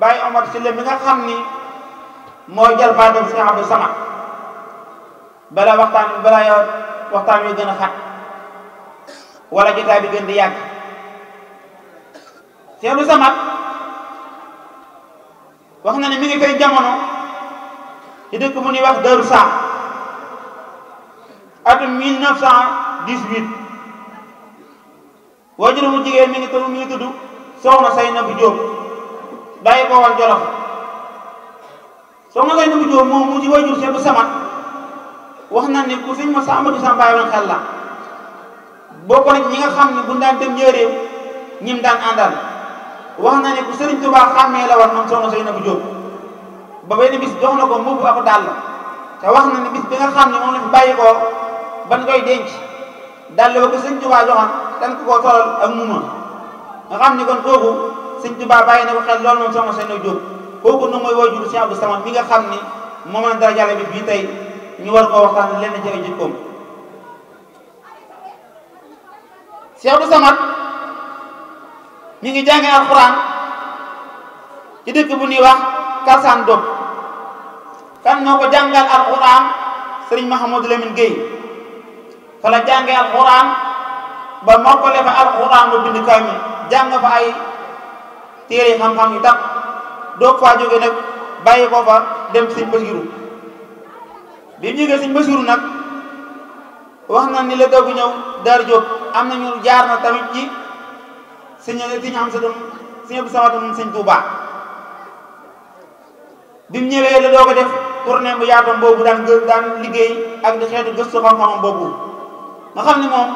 Baye Omar Sylla mi nga xam ni mooy jël baa dem Sëriñ Abdou Samad balaa waxtaan balaa yow waxtaan wi gën a xat wala jotaay bi gën di yàgg Sëriñ Abdou Samad wax na ne mi ngi fay jamono ci dëkk bu ñuy wax Darou Sam atum 1918 waajur mu jigéen mi ngi tudd mi ngi tudd Soxna Saynabu Jóob bàyyi ko woon Jolof soo nga koy dugg joo moom mu ci wajur Seex Samat wax na ne ku fi mu sa Amadou Sam bàyyi woon na ñi nga xam ne bu daan dem njëriñ daan àndal wax na ne ku Sëriñ Tuubaa la woon moom soxna Seynabou Jóob ba benn bis jox na ko mbubb ak dàll te wax na ne bis bi nga xam ne la fi bàyyi koo ban koy denc dàll ba ko Sëriñ Tuubaa joxoon dañ koo tolal ak muma nga xam ne kon kooku sëñ Tuubaa bàyyi na ko xel loolu moom soxna Seynabu Jóob kooku nu mooy waajur sëñ Abdou Samad mi nga xam ni moom la dara jàlle bi bii tey ñu war koo waxtaan lenn ci ay jikkoom sëñ ngi jàngee alxuraan ci dëkk bu ñuy wax Kalsaan Dóob kan moo ko jàngal alxuraan sëriñ Mahamadou Lamine Gueye fa la jàngee alxuraan ba mokkale fa alxuraan ba bind kaamil jàng fa ay yi xam-xam yu tax doog faa jóge nag bàyyi ko fa dem sëñ Basiru bi mu jógee sëñ Basiru nag wax na ni la doogu ñëw Daaru Jóob am na ñu jaar na tamit ci sëñ sëñ am sa doom sëñ Abdou Samad Tuubaa bi mu ñëwee la doo ko def tournée bu yaatam boobu daan gë daan liggéey ak di xeetu gëstu xam-xamam boobu nga xam ne moom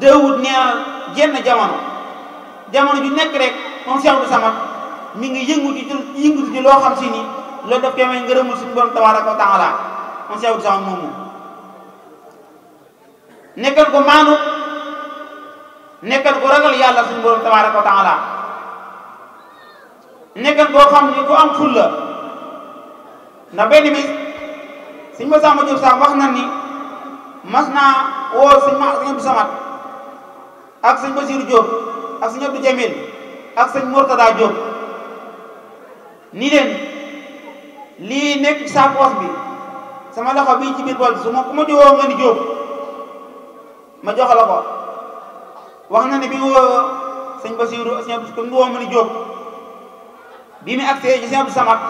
déewut nee na jenn jamono jamono ju nekk rek moom Cheikh Abdou Samad mi ngi yëngu ci yëngu loo xam si ni loolu daf koy may ngërëmul suñu moom Cheikh Abdou moomu nekkal ko maanu nekkal ko ragal yàlla suñu borom tabaraka wa taala nekkal koo xam ni ku am fulla ndax benn bis suñu ma sàmm Diop sax wax na ni mas naa woo suñu ma suñu Abdou Samad ak suñu Basiru Diop ak suñu Abdou Jamil ak sëñ Mourtada Diop ni leen lii nekk ci sa poos bi sama loxo bii ci biir bool bi su ma ku ma diwoo nga ni Diop ma jox la ko wax na ne bi woo sëñ Basiirou sëñ Abdou comme ni woo ma ni Diop bi mu agsee ci sëñ Abdou Samad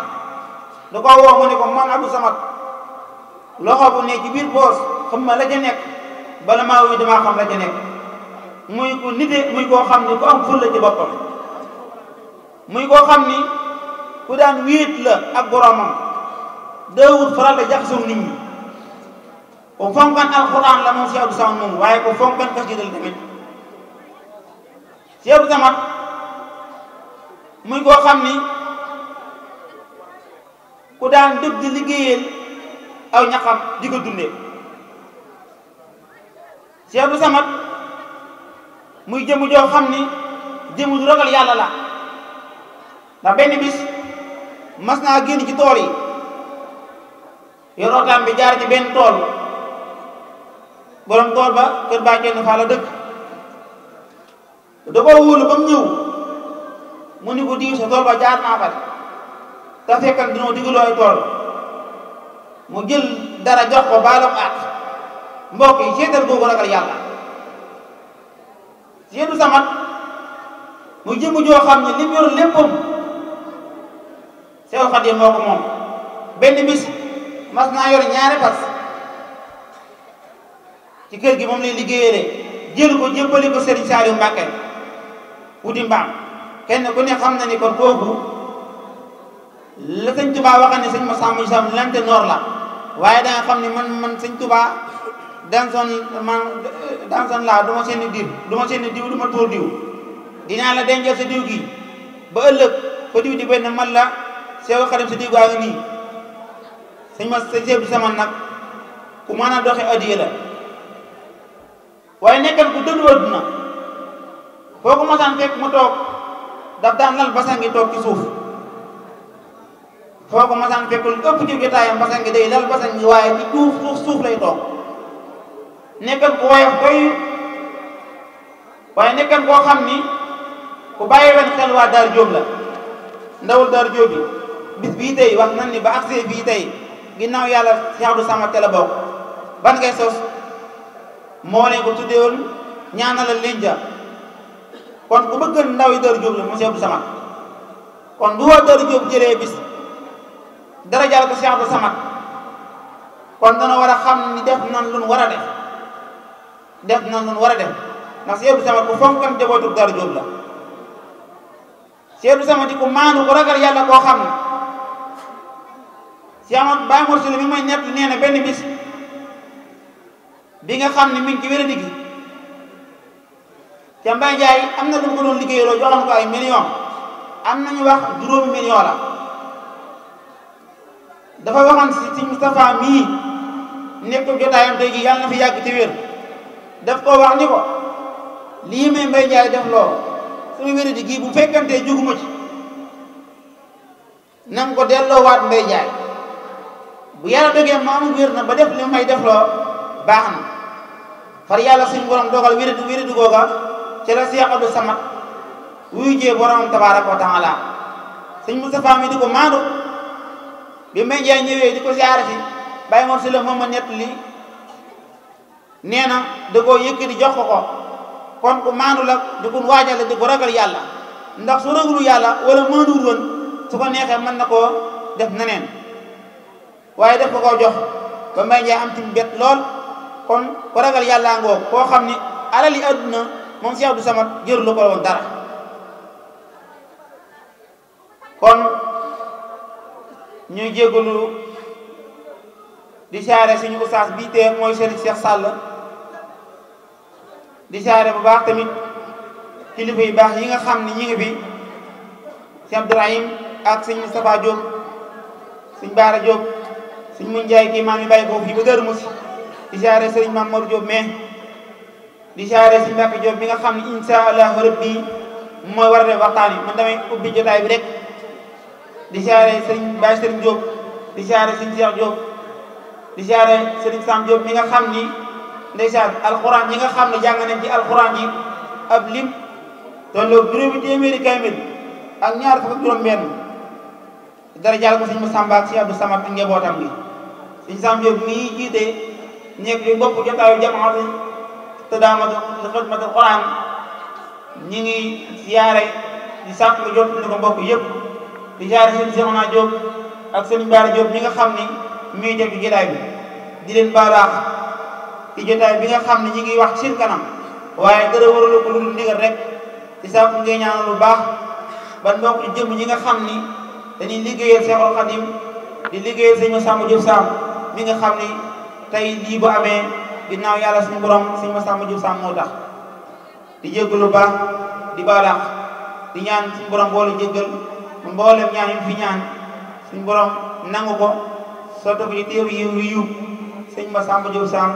da koo woo mu ne ko moom Abdou Samad loxo bu ne ci biir xam ma la ca nekk maa wuy damaa xam la ca muy ku nite muy koo xam ne ku am ful la ci muy koo xam ni ku daan wéet la ak boromam daawut faral da jaxasoo nit ñi ku fonkan alxuraan la moom Cheikh Abdou Samad moom muy koo xam ni ku daan dëgg di liggéeyal aw ñaxam di ko dundee Cheikh Abdou Samad muy jëmu joo xam ni jëmu du ragal yàlla la ndax benn bis mas naa génn ci tool yi yorootaam bi jaar ci benn tool borom tool ba kër baa kenn faa la dëkk da koo wóolu ba mu ñëw mu ni ko diw sa tool ba jaar naa fa te fekkan dinoo digaloo ay tool mu jël dara jox ko baalam ak mbokk yi seetal googu ragal yàlla seetu samat mu jëmm joo xam ne li mu yor Seexul Xadiim moo ko moom benn bis mas naa yor ñaari fas ci kër gi moom lay liggéeyee jël ko jébbali ko Serigne Saliou Mbacké wuti mbaam kenn ku ne xam na ni kon kooku la sëñ Touba waxoon ne sëñ Massamba Sam lante noor la waaye da xam ne man man sëñ Touba dan man dan laa du ma diw du ma diw dinaa la dencal sa diw gi ba ëllëg fa diw di benn man la Seexul Xadim sa diw gaa ngi nii sëñ ma sa seebu saman nag ku mën a doxe addiye la waaye nekkan ku dëddu adduna foo ko masaan fekk mu toog daf daan lal basangi toog ci suuf foo ko masaan fekkul ëpp ci jotaayam basangi day lal basangi waaye suuf suuf lay toog nekkan ku woyof koy waaye nekkan koo xam ni ku bàyyi wen xel waa daar jóob la ndawul daar jóob yi bis bii tey wax nan ni ba accès bii tey ginnaaw yàlla Cheikh Abdou Samad te ban ngay sos moo leen ko tuddee woon ñaanalal leen ja kon ku bëgg ndaw yi Daaru Jóob la moom Cheikh kon bu waa Daaru Jóob jëlee bis dara kon dana war a xam ni def nan war a def def nan lu war a def ndax Cheikh Abdou Samad ku Jóob la Cheikh Abdou Samad di ku maanu ku ragal yàlla koo xam si amoon Baye Mor Sylla mi may ñett nee benn bis bi nga xam ne mi ngi ci wéradi gi ca Mbaye Ndiaye am na lu mu ko doon liggéeyaloo joxoon ko ay million am nañu wax juróomi million la dafa waxoon si si Moustapha mii nekk jotaayam tey jii yàlla na fi yàgg te wér daf koo ko lii may Mbaye bu fekkantee juguma ci na nga ko delloowaat Mbaye Ndiaye bu yàlla dogee ma am na ba def li may def loo baax far yàlla suñu borom dogal wéridu wéridu googa ci la Cheikh Abdou Samad wuyu jee borom tabaaraka wa taala sëñ Moustapha mi di ko maandu bi may jaay ñëwee di ko siyaare si bàyyi moom si moom ma nett li nee na da koo di jox ko ko kon ku maandu la di ko waajal di ko yàlla ndax su ragalu yàlla wala maanduwul woon su ko neexee mën na koo def neneen waaye def ko koo jox ba may njaa am tim lool kon ko ragal yàllaa ngoo koo xam ni alal yi àdduna moom Cheikh Abdou Samad jëru la ko woon dara kon ñuy jégalu di saare suñu ustaas bii tee mooy Serigne Cheikh Sall di saare bu baax tamit kilifa yu baax yi nga xam ne bi ngi fi Cheikh Abdourahim ak sëñ Moustapha Diop sëñ Baara Diop suñ mun jaay kii maam yi bàyyi ko fii di jaare sëriñ ma Mor Diop mais di jaare sëriñ Mbacke Diop mi nga xam ne incha allah rabbi mooy war a def waxtaan yi man damay ubbi jotaay bi rek di jaare sëriñ Baye sëriñ Diop di jaare sëriñ Cheikh Diop di jaare sëriñ Sam Diop mi nga xam ni ndeysaan alxuraan ñi nga xam ne jàng nañ ci alxuraan yi ab lim tolloog juróomi téeméeri kaamil ak ñaar fukk ak juróom benn dara jàll ko sëñ Massamba ak si Abdou Samad ak njabootam gi dañ sam jóg mii jiite nekk di bopp jotaayu jamaatu tadaamatu li xidmatul quran ñi ngi siyaare di sàkk jot ni ko mbokk di siyaare seen Seexuna Jóob nga xam ni muy jëm ci jotaay bi di leen baaraax ci jotaay bi nga xam ni ñi ngi wax seen kanam waaye dara waralu ko lu mu ndigal rek di sàkk ngay ñaanal lu baax ba mbokk jëm ñi nga xam ni dañuy liggéeyal Seexul Xadim di liggéeyal sëñ Samba Jóob Samb mi nga xam ni tey lii bu amee ginnaaw yàlla suñu borom suñu ma jub sàmm moo tax di jéggal lu baax di baalaax di ñaan suñu borom boole jéggal mboolem ñaan yi fi ñaan suñu borom nangu ko soto ko ci téew yi yu yu sëñ ma sàmm jub sàmm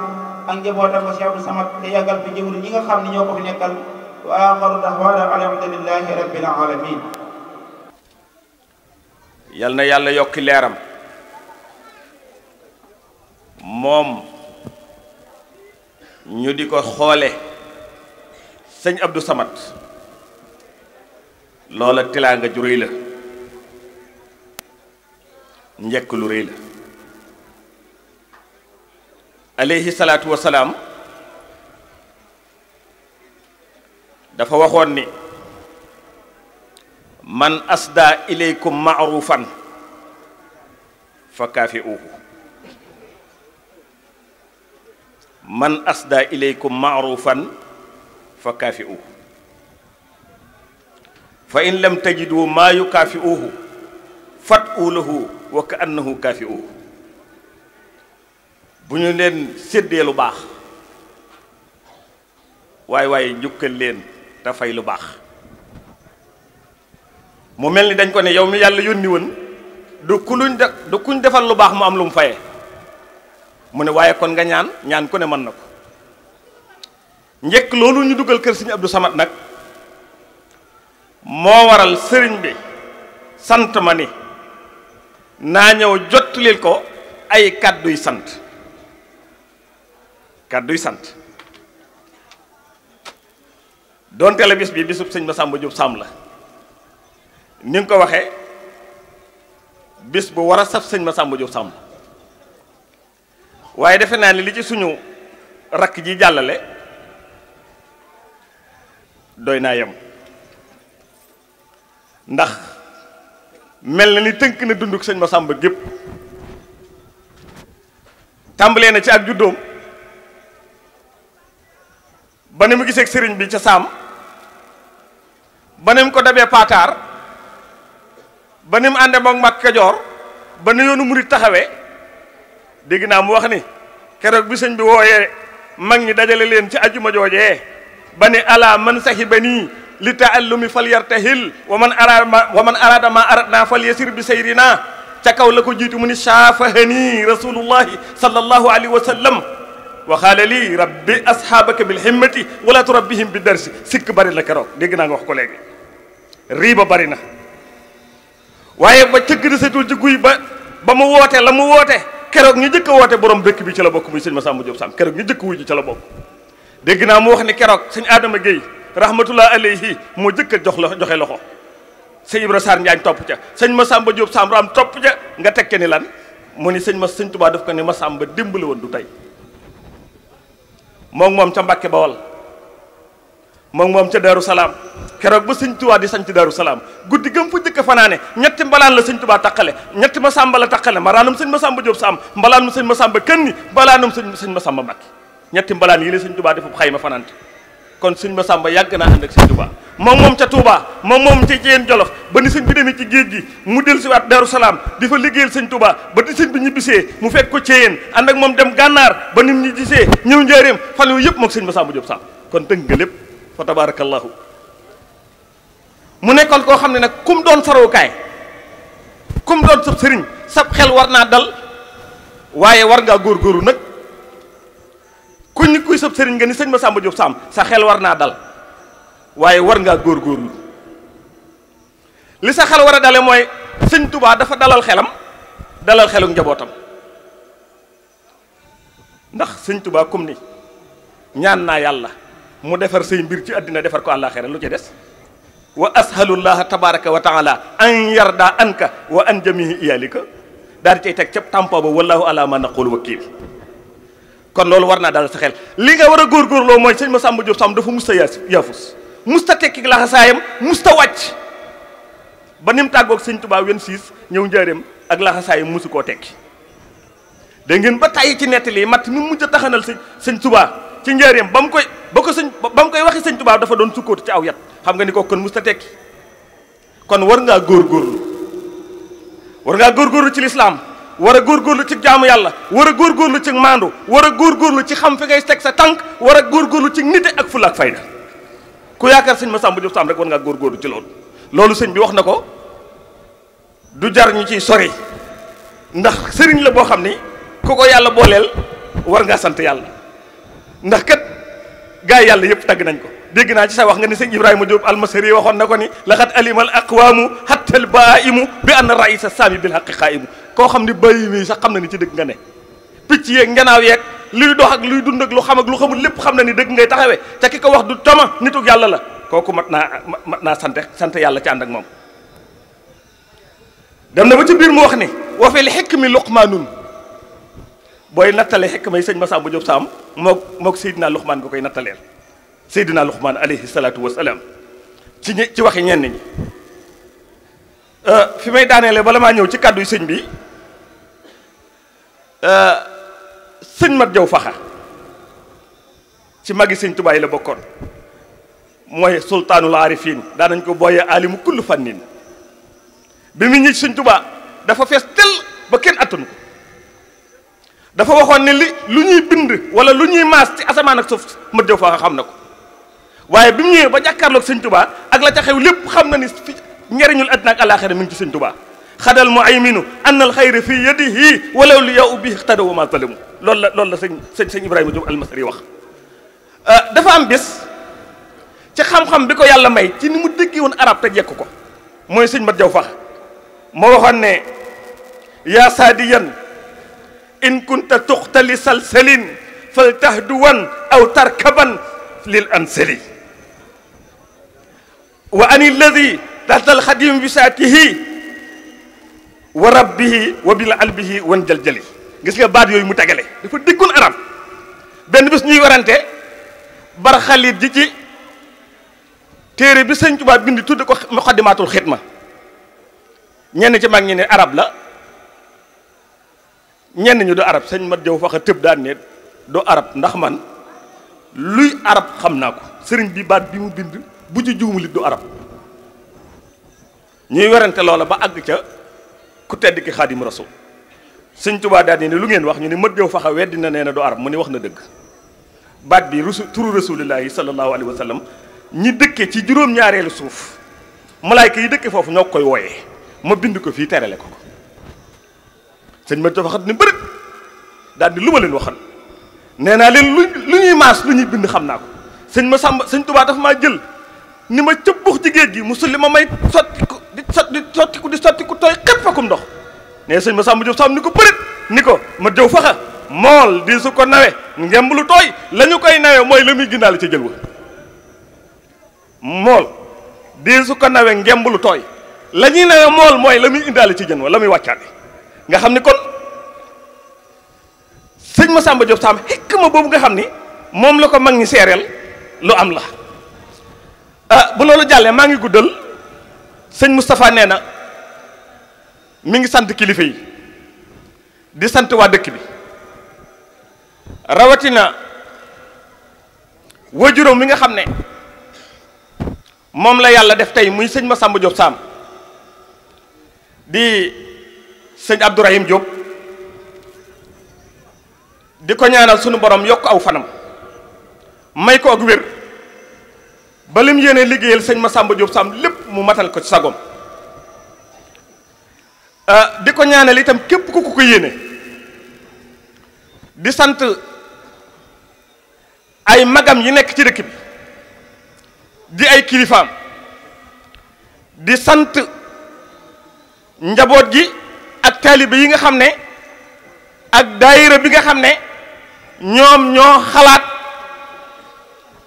ak njabootam ko Cheikh Abdou Samad te yàggal fi ñi nga xam ni ñoo ko fi nekkal wa aaxiru da'waanaa alhamdulillahi rabbil aalamiin yal na yàlla yokki leeram moom ñu di ko xoole sëñ Abdou samat loola tilaanga ju réy la njëkk lu réy la aleyhi salaatu wasalaam dafa waxoon ni man asda ilaykum maarufan fa kaafi uhu man asda ilaykum maarufan fa kaafi'uhu fa in lam tajidu maa yukaafi'uhu fat'u lahu wa ka annahu kaafi'uhu bu ñu leen séddee lu baax waaye waaye njukkal leen te fay lu baax mu mel ni dañ ko ne yow mi yàlla yónni woon du ku luñ de du kuñ defal lu baax mu am lu mu faye mu ne waaye kon nga ñaan ñaan ku ne mën na ko njëkk loolu ñu dugal kër sëriñ Abdou Samad nag moo waral sëriñ bi sant ma ni naa ñëw jottalil ko ay kàdduy sant kàdduy sant donte la bis bi bisub sëñ Massamba Diop Samb la ni nga ko waxe bis bu war a saf sëñ Massamba Diop Samb waaye defe naa ni li ci suñu rakk ji jàllale doy naa yem ndax mel na ni tënk na dunduk ba Massamba gépp tàmbalee na ci ak juddoom ba ne mu gisee sëriñ bi ca saam ba ne mu ko dabee paataar ba ne mu ànde mook Mbàkke Kajoor ba ne yoonu murit taxawee dégg naa mu wax ni keroog bi sëñ bi wooyee mag ñi dajale leen ci ajuma joojee ba ni ala man sahiba nii li taallumi fal yartahil wa man araada ma aradna fal yasir bi sayrina ca kaw la ko jiitu mu ni saafahani rasulullahi sallallahu alayhi wa sallam waxaale lii rabbi asxaabaka bil himmati wala turabbihim bi darsi sikk bari na keroog dégg naa wax ko léegi riiba bari na waaye ba cëgg di setul guy ba ba mu woote la mu woote keroog ñu jëkk woote borom dëkk bi ca la bokk muy sëñ Massamba Diop Samb keroog ñu jëkk wuyu ci la bokk dégg naa mu wax ni keroog sëñ Adama Guèye rahmatullah alayhi moo jëkk a jox la joxe loxo sëñ Ibra Sarr Njaañ topp ca sëñ Massamba Diop Samb am topp ca nga tekke ni lan mu ni sëñ ma sëñ Tuubaa daf ko ni Massamba démb la woon du tey moom moom ca Mbàkke Bawol moom moom ca Daaru Salaam keroog ba sëñ Tuubaa di sañ ci Daaru Salaam guddi gëm fa njëkk fanaane ñetti mbalaan la sëñ Tuubaa taqale ñetti ma Masamba la taqale mbalaanum sëñ Masamba Jóob Saam mbalaanum sëñ Masamba Kanni mbalaanum sëñ sëñ Masamba Mbàkke ñetti mbalaan yi la sëñ Tuubaa defub xayma fanaante kon sëñ Masamba yàgg naa ànd ak sëñ Tuubaa moom moom ca Touba moom moom ca Jeen Jolof ba ni sëñ bi demee ci géej gi mu del si waat Daaru Salaam di fa liggéeyal sëñ Touba ba di sëñ bi ñibbisee mu fekk ko Ceyeen ànd ak moom dem gànnaar ba nim ñi gisee ñëw njaareem fan yooyu yëpp moog sëñ Masamba Jóob Saam kon tënk nga lépp fa tabaarakallaahu mu nekkoon koo xam ne nag kum doon sarookaay kum doon sab sëriñ sab xel war naa dal waaye war ngaa góor góorgóorlu nag kuñ ñu kuy sab sëriñ nga ni sëñ ma Sàmba Jóob Sàmb sa xel war naa dal waaye war ngaa góor góorgóorlu li sa xel war a dale mooy sëñ tubaa dafa dalal xelam dalal xelu njabootam ndax sëñ tubaa kum ni ñaan naa yàlla mu defar say mbir ci àddina defar ko àllaaxira lu ci des wa ashalullaha tabaraka wa taala an yarda anka wa an jamihi iyalika daal di teg cab tàmpa ba wallahu ala na naqul wakiil kon loolu war naa daal sa xel li nga war a góorgóorloo mooy sëñ Masamba Diop Samb dafa musta yaas yaafus musta tekki laxasaayam musta wàcc ba ni mu tàggoog sëñ Tuubaa 26 ñëw njaareem ak laxasaayam musu koo tekki da ngeen ba tàyyi ci nettali matt mi mujj a taxanal sëñ sëñ Tuubaa ci njëriñam ba mu koy ba ko sëñ ba mu koy waxi sëñ Tuubaa dafa doon sukkóotu ci aw yat xam nga ni ko kon musta tekki kon war ngaa góor góorgóorlu war ngaa góorgóorlu ci lislaam war a góorgóorlu ci jaamu yàlla war a góorgóorlu ci maandu war a góor góorgóorlu ci xam fi ngay teg sa tànk war a góorgóorlu ci nite ak fulla ak fayda ku yaakaar sëñ ma Masamba Diop Samb rek war ngaa góorgóorlu ci loolu loolu sëñ bi wax na ko du jar ñu ciy sori ndax sëriñ la boo xam ni ku ko yàlla booleel war ngaa sant yàlla ndax kat gaa yàlla yëpp tagg nañ ko dégg naa ci sa wax nga ni sëñ Ibrahima Diop almasari waxoon na ko ni laxat alimal aqwaamu xattal baa'imu bi ann raïsa saami bil haqi qaa'imu koo xam ne bàyyi mi sax xam na ni ci dëgg nga ne picc yeeg ngenaaw yeeg luy dox ak luy dund ak lu xam ak lu xamul lépp xam na ni dëgg ngay taxawee te ki ko wax du tama nituk yàlla la kooku mat naa mat naa sant sant yàlla ci ànd ak moom dem na ba ci biir mu wax ni wa fil hikmi luqmaanun booy nattale xekk may sëñ Masamba Diop Sam mook mook Seydina Luxmaan nga koy nattaleel Seydina Luxmaan alayhi salaatu wasalaam ci ñi ci waxi ñenn ñi euh, fi may daaneele bala maa ñëw ci kàddu sëñ bi euh, sëñ Mat Jaw Faxa ci magi sëñ Tuubaa la bokkoon mooy sultaanul aarifiin daanañ ko booyee aalimu kullu fannin bi mu ñi sëñ Tuubaa dafa fees tel ba kenn attanu dafa waxoon ne li lu ñuy bind wala lu ñuy maas ci asamaan ak suuf mët jëw faa xam na ko waaye bi mu ñëwee ba jàkkaarloog sëñ tubaa ak la ca xew lépp xam na ni fi njariñul àddina ak àlaaxira mi ngi ci sëñ tubaa xadal mu ay minu annal xayri fii yadihi walaw li yow ubbi tadawu ma zalimu loolu la lool la sëñ sëñ sëñ Ibrahima Diop almasri wax euh, dafa am bés ci xam-xam bi ko yàlla may ci ni mu déggee woon arab te jekk ko mooy sëñ mat jaw fax moo waxoon ne yaa saadiyan in kunta tuxta li salsalin fal tahduwan aw tarkaban lil ansali wa ani alladi taxta alxadim bisaatihi wa rabbihi wa bil albihi wan jaljali gis nga baat yooyu mu tegale dafa diggoon arab benn bis ñuy warante barxalit ji ci téere bi sëñ Tuubaa bind tudd ko muqaddimatul xidma ñenn ci mag ñi ne arab la ñenn ñu du arab sëñ mat jaw faxa tëb daan ne du arab ndax man luy arab xam naa ko sëriñ bi baat bi mu bind bu ci juumul it du arab ñuy werante loola ba àgg ca ku tedd ki xaadim rasul sëñ tubaa daan ne lu ngeen wax ñu ne mat jaw faxa weddi na nee na du arab mu ne wax na dëgg baat bi rusu turu rasulillahi sallallahu alayhi wa sallam ñi dëkke ci juróom-ñaareelu suuf malaayka yi dëkke foofu ñoo koy wooyee ma bind ko fii terale ko ko sëñ ma dafa xat ni bëri daal di lu ma leen waxal nee naa leen lu lu ñuy maas lu ñuy bind xam naa ko sëñ ma sàmba sëñ tubaa dafa maa jël ni ma cëb bux ci géej gi musul li ma may sotti ko di sotti di sotti tooy xet fakum ndox nee sëñ ma sàmba Jóob sàmm ni ko bërit ni ko ma jëw faxa mool di su ko nawe ngemb lu tooy lañu koy nawe mooy la muy gindaale ca jël wa mool di su ko nawe ngemb lu tooy la ñuy nawe mool mooy la muy indaale ci jën wa la muy wàccaate nga xam ni kon sëñ Masamba Diop Samb xikma boobu nga xam ni moom la ko mag ñi seereel lu am la ah, bu loolu jàllee maa ngi guddal sëñ Moustapha nee na mi ngi sant kilifa yi di sant waa dëkk bi rawatina juróom mi nga xam ne moom la yàlla def tey muy sëñ Masamba Diop Samb di sëñ Abdourahim Diop di ko ñaanal sunu borom yokk aw fanam may ko ak wér ba lim yéene liggéeyal sëñ Massamba Diop Sam lépp mu matal ko ci sagoom euh, di ko ñaanal itam képp ku ko ko yéene di sant ay magam yi nekk ci dëkk bi di ay kilifaam di sant njaboot gi ak taalibe yi nga xam ne ak daayira bi nga xam ne ñoom ñoo xalaat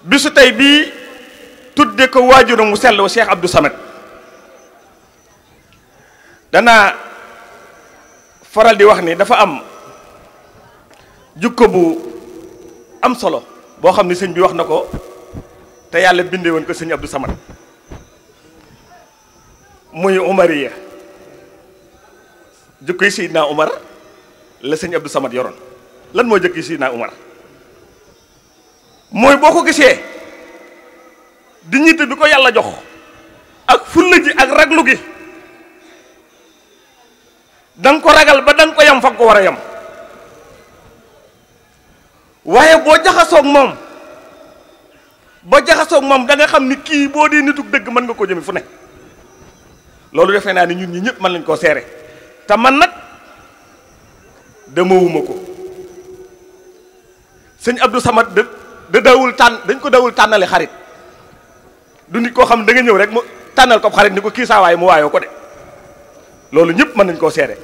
bisu tey bii tudde ko waajuram mu sell wa Cheikh Abdou Samad danaa faral di wax ni dafa am jukko bu am solo boo xam ne sëñ bi wax na ko te yàlla bindee woon ko sëñ Abdou Samad muy umariya jikkoy Seydina Omar la sëñ Abdou Samad yoroon lan mooy jikkoy Seydina Omar mooy boo ko gisee di ñitte bi ko yàlla jox ak fulla ji ak raglu gi danga ko ragal ba danga ko yam fa nga ko war a yam waaye boo jaxasoog moom ba jaxasoog moom da nga xam ni kii boo dee nitug dëgg mën nga ko jëme fu ne loolu defe naa ni ñun ñi ñëpp mën nañ koo seere te man nag demawuma ko sëñ Abdou Samad da da dawul tànn dañ ko dawul tànnali xarit du nit koo xam ne da ñëw rek mu tànnal ko xarit ni ko kii saa waay mu waayoo ko de loolu ñëpp mën nañ koo seere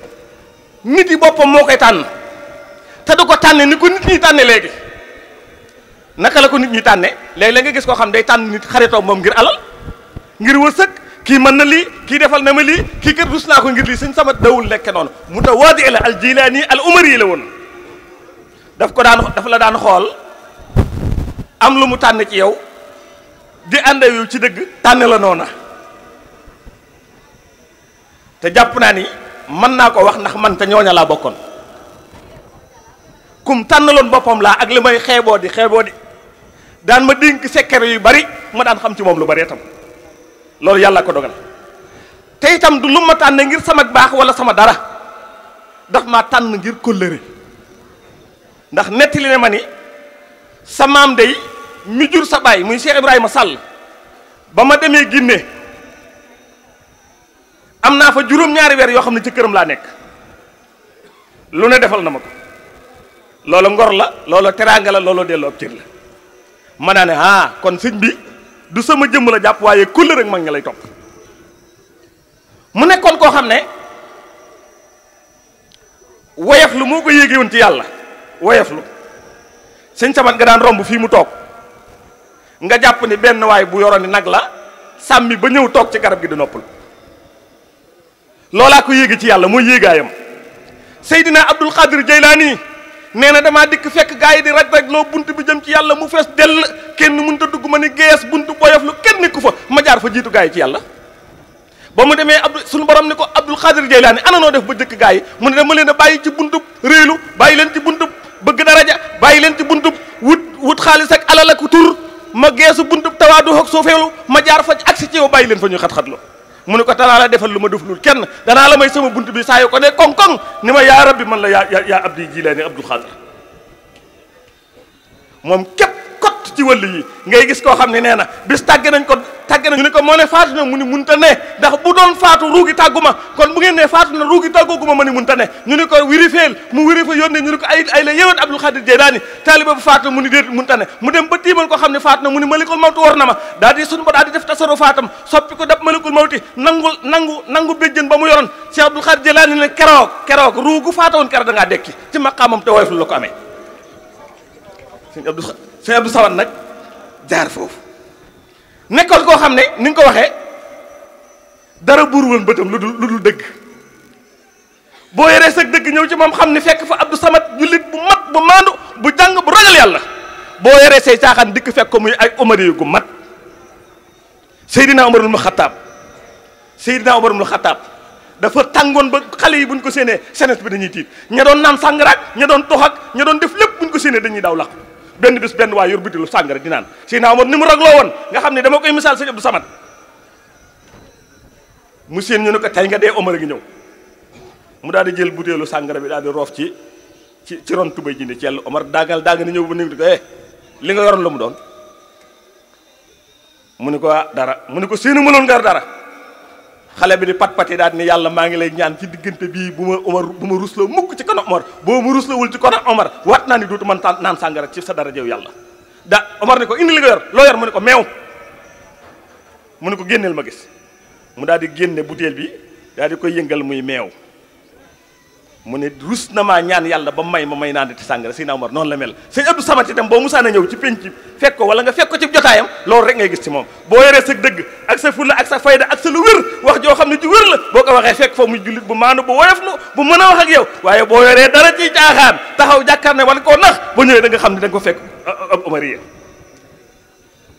nit yi boppam moo koy tànn te du ko tànne ni ko nit ñi tànne léegi naka la ko nit ñi tànne léegi la nga gis koo xam day tànn nit xaritoom moom ngir alal ngir wërsëg kii mën na lii kii defal na ma lii kii kër rus naa ko ngir lii sëñ Samat dawul lekke noonu mu tawaadi la al jilaani al umari la woon daf ko daan dafa la daan xool am lu mu tànn ci yow di ànd yow ci dëgg tànn la noona te jàpp naa ni mën naa ko wax ndax man te ñooña laa bokkoon kum tànnaloon boppam laa ak li may xeeboo di xeeboo di daan ma dénk sekkere yu bari ma daan xam ci moom lu bari tam loolu yàlla ko dogal tey itam du lu ma tànn ngir sama baax wala sama dara daf ma tànn ngir kóllëre ndax nettali ne ma ni sa maam dey mi jur sa baay muy Cheikh Ibrahima sàll ba ma demee Guinée am naa fa juróom-ñaari weer yoo xam ne ci këram laa nekk lu ne defal na ma ko loolu ngor la loolu teraanga la loolu delloo ab cër la ma naa ne ah, kon sëñ bi du sama jëmm la jàpp waaye kulle rek mag nga lay topp mu nekkoon koo xam ne woyof lu moo ko yéege woon ci yàlla woyof lu sëñ samat nga daan romb fii mu toog nga jàpp ni benn waay bu yoroon nag la sàmmi ba ñëw toog ci garab gi di noppal loolaa ko yéege ci yàlla mooy yéegaayam Seydina Abdul Qadir Jaylaani nee na damaa dikk fekk gaa yi di raj raj loo bunt bi jëm ci yàlla mu fees dell kenn mënut a dugg ma ni gees bunt boyof lu kenn nekku fa ma jaar fa jiitu gaa yi ci yàlla ba mu demee abdu suñu borom ni ko abdul xaadir jaylaani ana noo def ba jëkk gaa yi mu ne dama leen a bàyyi ci buntub réylu bàyyi leen ci buntub bëgg daraja bàyyi leen ci bunt buntub wut wut xaalis ak alal ak tur ma geesu buntub tawaadu ak soo feelu ma jaar fa agsi ci yow bàyyi leen fa ñuy xat-xatlu mu ne ko danaa la defal lu ma def lul kenn danaa la may sama bunt bi saa yu ko ne koŋ-koŋ ni may yaa rabbi man la yaa yaa abdi jilaani abdul xaadir moom képp fott ci wàll yi ngay gis koo xam ne nee na bis tàgge nañ ko tàgge nañ ñu ne ko moo ne faatu na mu ni munta ne ndax bu doon faatu ruugi tàgguma kon bu ngeen ne faatu na ruugi tàgguguma ma ni munta ne ñu ne ko wirifeel mu wirifa yónnee ñu ne ko ay ay la yéwén Abdul Xaadir Jeylaani taaliba bu faatu mu ni déet munta mu dem ba tiimal koo xam ne faatu na mu ni malikul mawti war na ma daal di suñu ba daal di def tasaro faatam soppi ko dab malikul mawti nangul nangu nangu béjjën ba mu yoroon Cheikh Abdul Xaadir Jeylaani ne keroog keroog da ngaa dekki ci maqaamam te woyoful ko amee sëñ Abdul sëñ Abdou Samad nag jaar foofu nekkoon koo xam ne ni nga ko waxee dara buur woon bëtam lu dul lu dëgg boo yoree sa dëgg ñëw ci moom xam ni fekk fa Abdou Samad jullit bu mat bu maandu bu jàng bu ragal yàlla boo yoree say caaxaan dikk fekk ko muy ay Omar yu gu mat Seydina Omarul mu Xataab Seydina Omarul mu Xataab dafa tàngoon ba xale yi buñ ko séenee senet bi dañuy tiit ña doon naan sàngara ak ña doon tox ak ña doon def lépp buñ ko séenee dañuy daw làqu benn bis benn waay yor bitilu sàngara di naan si naa moon ni mu ragloo woon nga xam ne dama koy misaal sëñ Abdou Samad mu seen ñu ne ko tey nga dee Omar a ngi ñëw mu daal di jël butéelu sàngara bi daal di roof ci ci ci ron tubéy jinde ci yàlla Omar daagal daagal ni ñëw ba ni ko eh li nga yoroon la mu doon mu ne ko ah, dara mu ne ko seenu mënoon ngar dara xale bi di pat-pati daal ni yàlla maa ngi lay ñaan ci diggante bii bu ma Omar bu ma rusloo mukk ci kanam Omar boo ma ruslawul ci kanam Omar waat naa ni dootu man taan naan sàngara ci sa dara jëw yàlla da Omar ne ko indi li nga yor loo yor mu ne ko meew mu ne ko génneel ma gis mu daal di génne butéel bi daal di koy yëngal muy meew mu ne rus na maa ñaan yàlla ba may ma may naan te sàngara Seydina Omar noon la mel sëñ Abdou Samad itam boo musaana ñëw ci penc fekk ko wala nga fekk ko ci jotaayam loolu rek ngay gis ci moom boo yoree sa dëgg ak sa fulla ak sa fayda ak sa lu wér wax joo xam ne ju wér la boo ko waxee fekk fa muy jullit bu maanu bu woyof lu bu mën a wax ak yow waaye boo yoree dara ci caaxaan taxaw jàkkaar ne wala koo nax ba ñëwee da nga xam ne da nga ko fekk ab omariya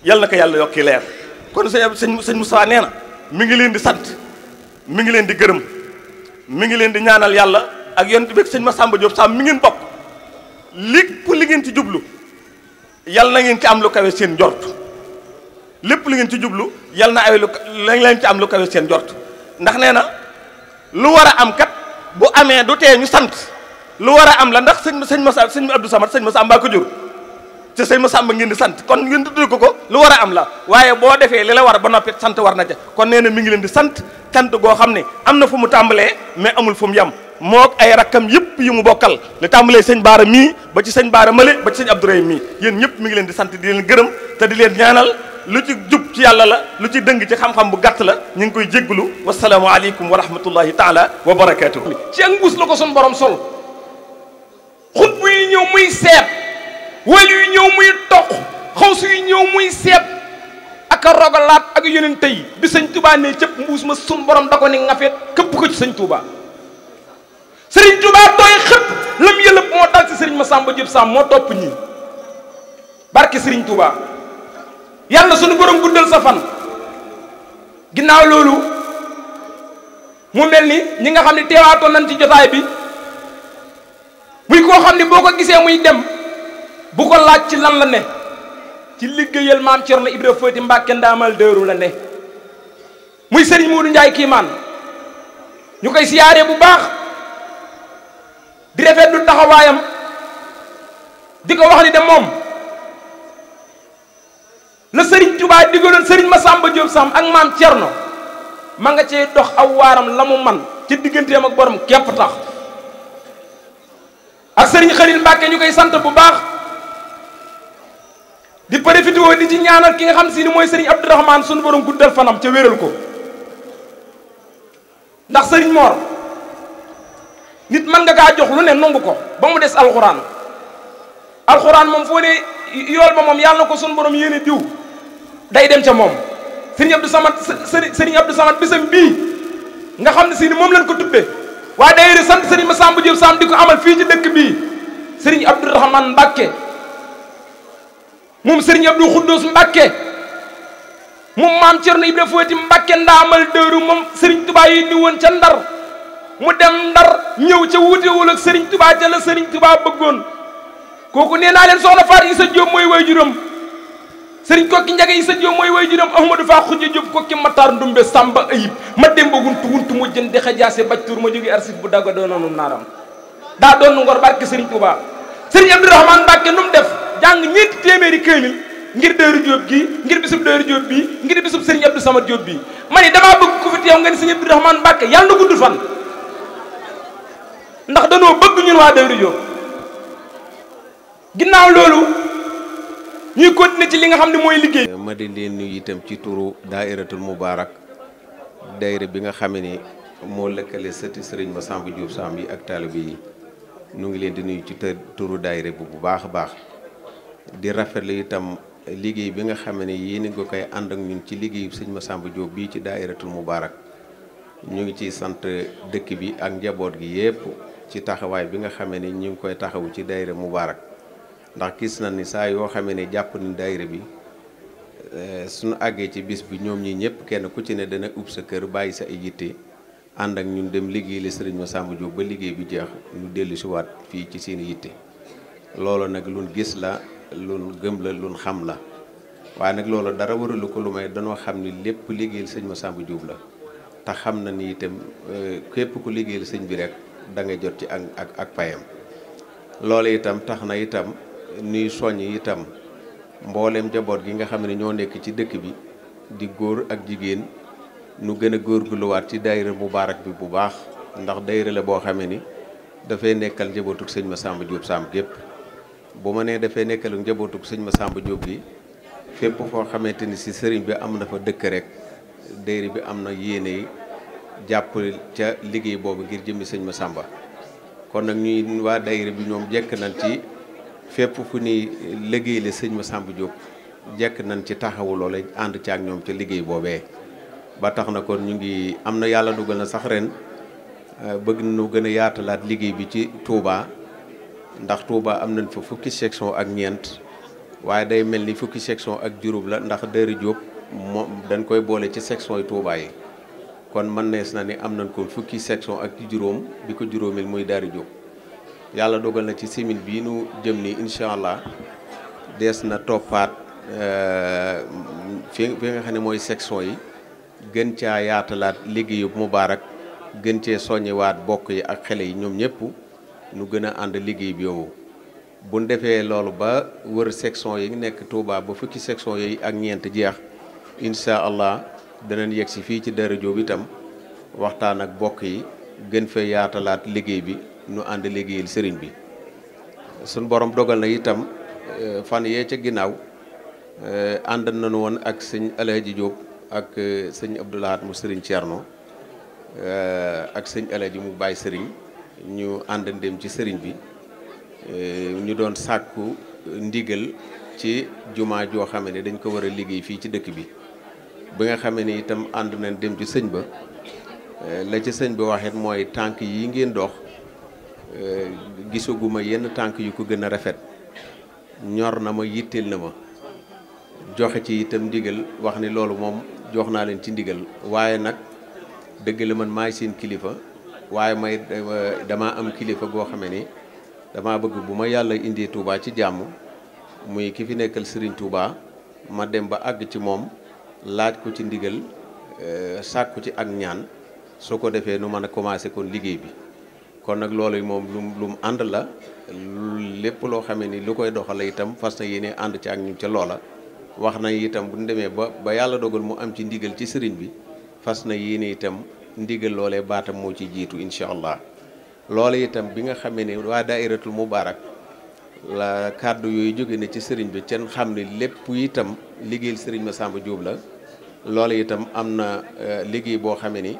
yàlla ko yàlla yokki leer kon sëñ sëñ sëñ Moussa nee na mi ngi leen di sant mi ngi leen di gërëm ngi leen di ñaanal yàlla ak yonent bi sëñ ma sàmba Diop Sam mu ngeen bokk lépp li ngeen ci jublu yal na ngeen ci am lu kawe seen jort lépp li ngeen ci jublu yal na awe la ngeen ci am lu seen jort ndax nee na lu war a am kat bu amee du tee ñu sant lu war a am la ndax sëñ sëñ Massa sëñ Abdou Samad sëñ ma ko jur te sëñ Massamba ngeen di sant kon ngeen tudd ko ko lu war a am la waaye boo defee li la war ba noppi sant war na ca kon nee na mi ngi leen di sant cant goo xam ne am na fu mu tàmbalee mais amul fu mu yem. mook ay rakkam yëpp yu mu bokkal li tàmbalee sëñ baara mii ba ci sëñ baara male ba ci sëñ abdourahim mii yéen ñëpp mi ngi leen di sant di leen gërëm te di leen ñaanal lu ci jub ci yàlla la lu ci dëng ci xam-xam bu gàtt la ñu ngi koy jégglu wasalaamu aleykum wa rahmatullahi taala wa barakaatu ci ak mbuus la ko sun borom sol xutbu yi ñëw muy seet wali yu ñëw muy toq xawsu yu ñëw muy seet ak a rogalaat ak yeneen tey bi sëñ tubaa ne cëpp mbuus ma sun borom da ko ni ngafeet këpp ko ci sëñ tubaa sëriñ Tuubaa tooy xëpp lam yëlëb moo dal ci sëriñ Masamba Diop Samb moo topp ñi barke sëriñ Tuubaa yàlla sunu borom guddal sa fan ginnaaw loolu mu mel ni ñi nga xam ne teewaatoon nañ ci jotaay bi muy koo xam ne boo ko gisee muy dem bu ko laaj ci lan la ne ci liggéeyal maam Cerno Ibra Fati Mbàkke ndaamal dëru la ne muy sëriñ Moodu Njaay kiimaan ñu koy siyaaree bu baax di rafetlu taxawaayam di ko wax ni de moom na sëriñ la Serigne Touba digaloon Serigne Massamba Diop Samb ak maam Thierno ma nga cee dox aw waaram la mu man ci digganteem ak borom képp tax ak Serigne Khalil Mbacke ñu koy sant bu baax di profité di ci ñaanal ki nga xam si ni mooy Serigne Abdourahmane sunu borom guddal fanam ca wéral ko ndax sëriñ Mor. nit man nga kaa jox lu ne nangu ko ba mu des alxuraan alxuraan moom foo ne yool ba moom yàlla na ko sun borom yéene diw day dem ca moom sëriñ Abdou Samad sëriñ Abdou Samad bisam bii nga xam ne si ni moom lañ ko tuddee waaye daayira sant sëriñ Massamba Diop Samb di ko amal fii ci dëkk bii sëriñ Abdourahmane Mbacke moom sëriñ Abdou Khoudous Mbacke moom maam Thierno Ibrahima Fouti Mbacke ndaamal dëru moom sëriñ Tuubaa yi ni woon ca mu dem ndar ñëw ca wuutewul ak Serigne Touba ca la Serigne Touba bëggoon kooku nee naa leen soxna Faat Isa Diop mooy way juróom Serigne Kokki Njaga Isa Diop mooy way juróom Ahmadou Fa Xujja Diop Kokki Matar Ndumbe Samba Ayib ma dem ba wuntu wuntu mu jënd di xajaase baj tur ma jógee arsif bu dagga doonoonu naaram daa doon ngor barke Serigne Touba Serigne Abdourahmane Mbacke nu mu def jàng ñeenti téeméeri kaamil ngir Daaru Diop gi ngir bisub Daaru Diop bi ngir bisub Serigne Abdou Samad Diop bi ma ne damaa bëgg ku fi yàlla na gudd ndax danoo bëgg ñun waa Daaru Jóob ginnaaw loolu ñuy continuer ci li nga xam ne mooy liggéey. ma di leen nuyu itam ci turu daayiratul mubaarak daayira bi nga xam ni moo lëkkale sëti sëriñ Massamba Diop Samb yi ak taalibe yi nu ngi leen di nuyu ci turu bu baax a baax di rafetlu itam liggéey bi nga xam ne yéen nga koy ànd ak ñun ci liggéeyu sëñ ma Massamba Diop bii ci daayiratul mubaarak ñu ngi ci sant dëkk bi ak njaboot gi yépp ci taxawaay bi nga xamee ni ñu ngi koy taxawu ci daayira mubaarak ndax gis na ni saa yoo xamee ne jàpp ni daayira bi eh, suñu àggee ci bis bi ñoom ñi ñëpp kenn ku ci ne dana ub sa kër bàyyi sa ay yitte ànd ak ñun dem liggéey la sëriñ Massamba Diop ba liggéey bi jeex ñu dellu siwaat fii ci seen yitte looloo nag lu gis la lu gëm la luñ xam la waaye nag loolu dara waralu ko lu may danoo xam ni lépp liggéeyal sëñ ma Massamba Diop la te xam na ni itam eh, képp ku liggéeyal sëñ bi rek da nga jot ci ak ak ak payam loolu itam tax na itam nuy soññ itam mboolem njaboot gi nga xam ne ñoo nekk ci dëkk bi di góor ak jigéen nu gën a góor góorgóorluwaat ci daayira mubaarak bi bu baax ndax daayira la boo xamee ni dafay nekkal njabootuk sëñ ma Massamba Diop sàmb gépp bu ma nee dafay nekkal njabootuk sëñ ma sàmb jóob gi fépp foo xamante ni si sëriñ bi am na fa dëkk rek daayira bi am na yéene jàpp ca liggéey boobu ngir jëmmi sëñ ma Massamba kon nag ñuy waa daayira bi ñoom jekk nañ ci fépp fu ni liggéey le sëñ Massamba Diop jekk nañ ci taxawu loola ànd ci ak ñoom ca liggéey boobee ba tax na kon ñu ngi am na yàlla dugal na sax ren euh, bëgg nañu gën a yaatalaat liggéey bi ci Touba ndax tuubaa am nañ fa fukki section ak ñeent waaye day mel ni fukki section ak juróom la ndax Daaru Diop moom dañ koy boole ci section yi tuubaa yi kon man nees na ni am nañ ko fukki section ak juróom bi ko juróomil muy daari jóg yàlla dogal na ci semaine bii nu jëm ni incha allah dees na toppaat fi euh, fi nga xam ne mooy section yi gën caa yaatalaat liggéeyub mubaarak gën cee soññiwaat bokk yi ak xele yi ñoom ñëpp nu gën a ànd liggéey bi yow bu ñu defee loolu ba wër section yi nekk Touba ba fukki section yooyu ak ñeent jeex incha allah danañ yegg si fii ci Daara Jóob itam waxtaan ak bokk yi gën fee yaatalaat liggéey bi nu ànd liggéeyal sëriñ bi suñ borom dogal na itam euh, fan yee ca ginnaaw euh, ànd nañu woon ak sëñ Alaaji Jóob ak euh, sëñ Abdoulahat mu sëriñ Thierno ak sëñ Alaaji mu bàyyi sëriñ ñu ànd dem ci sëriñ bi ñu doon sàkku ndigal ci jumaa joo xam ne dañ ko war a liggéey fii ci dëkk bi bi nga xamee ni itam ànd nañ dem ci sëñ ba eh, la ca sëñ ba waxit mooy tànk yi ngeen dox eh, gisaguma yenn tànk yu ko gën a rafet ñor na ma yitteel na ma joxe ci itam ndigal wax ni loolu moom jox naa leen ci ndigal waaye nag dëgg la man maay seen kilifa waaye may eh, dama am kilifa goo xamee ni dama bëgg bu ma yàlla indee tuubaa ci jàmm muy ki fi nekkal Serigne Touba ma dem ba àgg ci moom laaj ko ci ndigal euh, sàkku ci ak ñaan soo ko defee nu mën a commencé kon liggéey bi kon nag loolu moom lu lu mu ànd la lépp loo xamee ni lu koy doxale itam fas na yéene ànd ci ak ñun ca loola wax na itam bu ñu demee ba ba yàlla dogal mu am ci ndigal ci sëriñ bi fas na yéene itam ndigal loolee baatam moo ci jiitu incha allah loola itam bi nga xamee ne waa daairatul mubaarak la kàddu yooyu jóge na ci sëriñ bi cen xam ne lépp itam liggéeyal sëriñ Massamba Diop la lool itam am na euh, liggéey boo xamee ni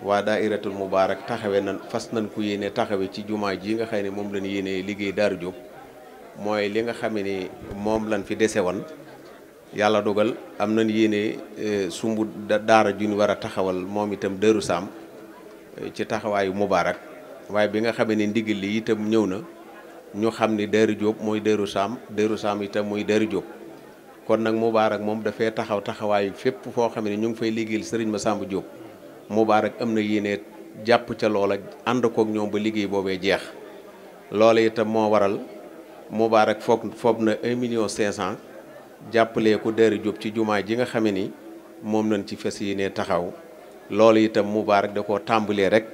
waa daa daairatul mubaarak taxawe nan fas nañ ku yéene taxawe ci jumaa ji nga xam ne moom lañ yéene liggéey Daaru mooy li nga xamee ni moom lañ fi dese woon yàlla dogal am nañ yéene euh, sumb daara ju ñu war a taxawal moom itam Daaru Saam euh, ci taxawaayu mubaarak waaye bi nga xamee ni ndigal li itam ñëw na ñu xam ni Daaru Jóob mooy Daaru Saam Daaru Saam itam mooy Daaru Jóob kon nag Moubarak moom dafay taxaw taxawaayu fépp foo xam ne ñu ngi fay liggéeyal Serigne Massamba Diop Moubarak am na yi yéene jàpp ca loola ànd kook ñoom ba liggéey boobee jeex loola itam moo waral Moubarak foog foog na 1 million 500 jàppalee ko Daara Diop ci jumaa ji nga xame ni moom lañ ci fas yéene taxaw loolu itam Moubarak da ko tàmbalee rek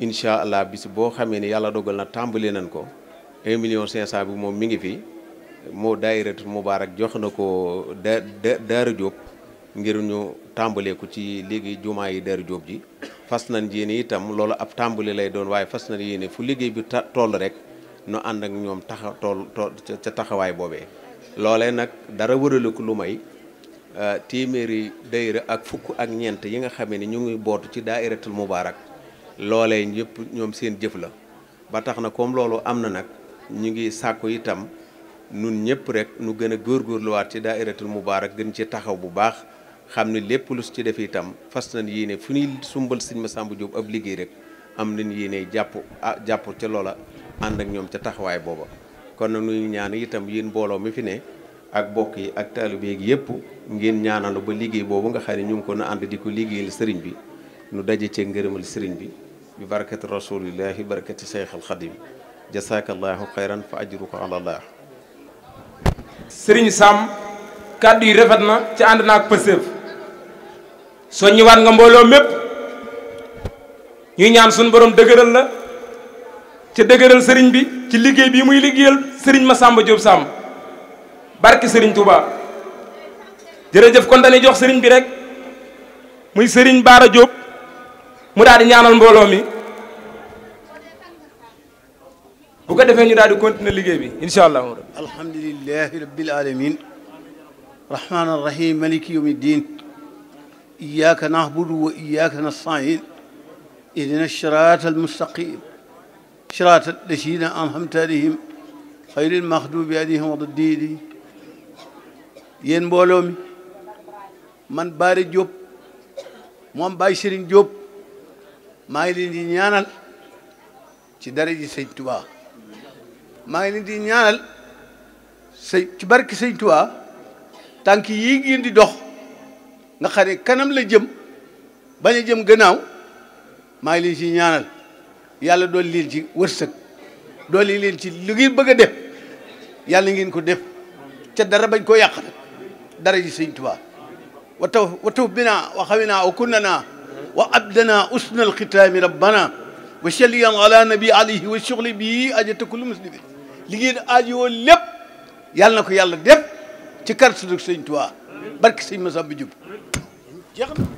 incha allah bis boo xamee ni yàlla dogal na tàmbalee nañ ko 1 million 500 bi moom mi ngi fi. moo daayiratul mubaarak jox na ko da daara Jóob ngir ñu tàmbalee ko ci léegi jumaa yi daara Jóob ji fas nañ yéene itam loolu ab tàmbali lay doon waaye fas nañ yéene fu liggéey bi ta toll rek nu ànd ak ñoom taxa toll ca taxawaay boobe loolee nag dara wërale ko lu may euh, téeméeri daayira ak fukk ak ñeent yi nga xamee ni ñu ngi bootu ci daayiratul mubaarak loole yëpp ñoom seen jëf la ba tax na comme loolu am na nag ñu ngi sàkku itam. nun ñëpp rek nu gën a góorgóorluwaat ci daairatul mubaarak gën ci taxaw bu baax xam ne lépp lu ci def itam fas nañ yéene fu ñuy sumbal ma Masamba Diop ab liggéey rek am nañ yéene jàpp a ah, jàpp ca loola ànd ak ñoom ca taxawaay booba kon nag nuy ñaan itam yéen mbooloo mi fi ne ak bokk yi ak taalibe yi yëpp ngeen ñaanalu ba liggéey boobu nga xam ne ñu ngi ko na ànd di ko liggéeyal sëriñ bi nu daje cee ngërëmal sëriñ bi bi barakati rasulillahi barakati cheikh al xadim jasakallahu xayran fa ajruka alallah sëriñ Sam kàddu yi rafet na ci ànd na ak pësëf soo ñëwaat nga mbooloo mépp ñuy ñaan suñu borom dëgërël la ca dëgëral sëriñ bi ci liggéey bi muy liggéeyal sëriñ ma Massamba Diop Sam barki sëriñ Touba jërëjëf kon dañuy jox sëriñ bi rek muy sëriñ Baara Diop mu daal ñaanal mbooloo mi. bu ko defee ñu daal di continuer liggéey bi incha allah. alhamdulilahi rabbil alamin rahmaan rahim maliki yawmi ddin iyyaka na'budu wa iyyaka nasta'in ihdina siraatal mustaqim siraatal lazina an'amta alayhim xayril maxduubi alayhim wala diidi yéen mbooloo mi man Baare Diop moom Baye Serigne Diop maa ngi leen di ñaanal ci dara ji Sëñ Tuubaa maa ngi leen di ñaanal sëñ ci barke sëñ Tuubaa tànk yi ngeen di dox nga xare kanam la jëm bañ jëm gannaaw maa ngi leen ci ñaanal yàlla dool leen ci wërsëg dool leen ci lu bëgg a def yàlla ngeen ko def ca dara bañ koo yàq nag dara ji sëñ Tuubaa wa taw wa taw binaa wa xawinaa wa kunnanaa wa abdanaa usnal xitaami rabbana wa saliyan ala nabi alayhi wa suxli bii ajata kulli muslimin li ngeen aajowoo lépp yàlla na ko yàlla def ci kàttanu Sëñ Tuubaa barke sëñ Masamba Jóob jeex na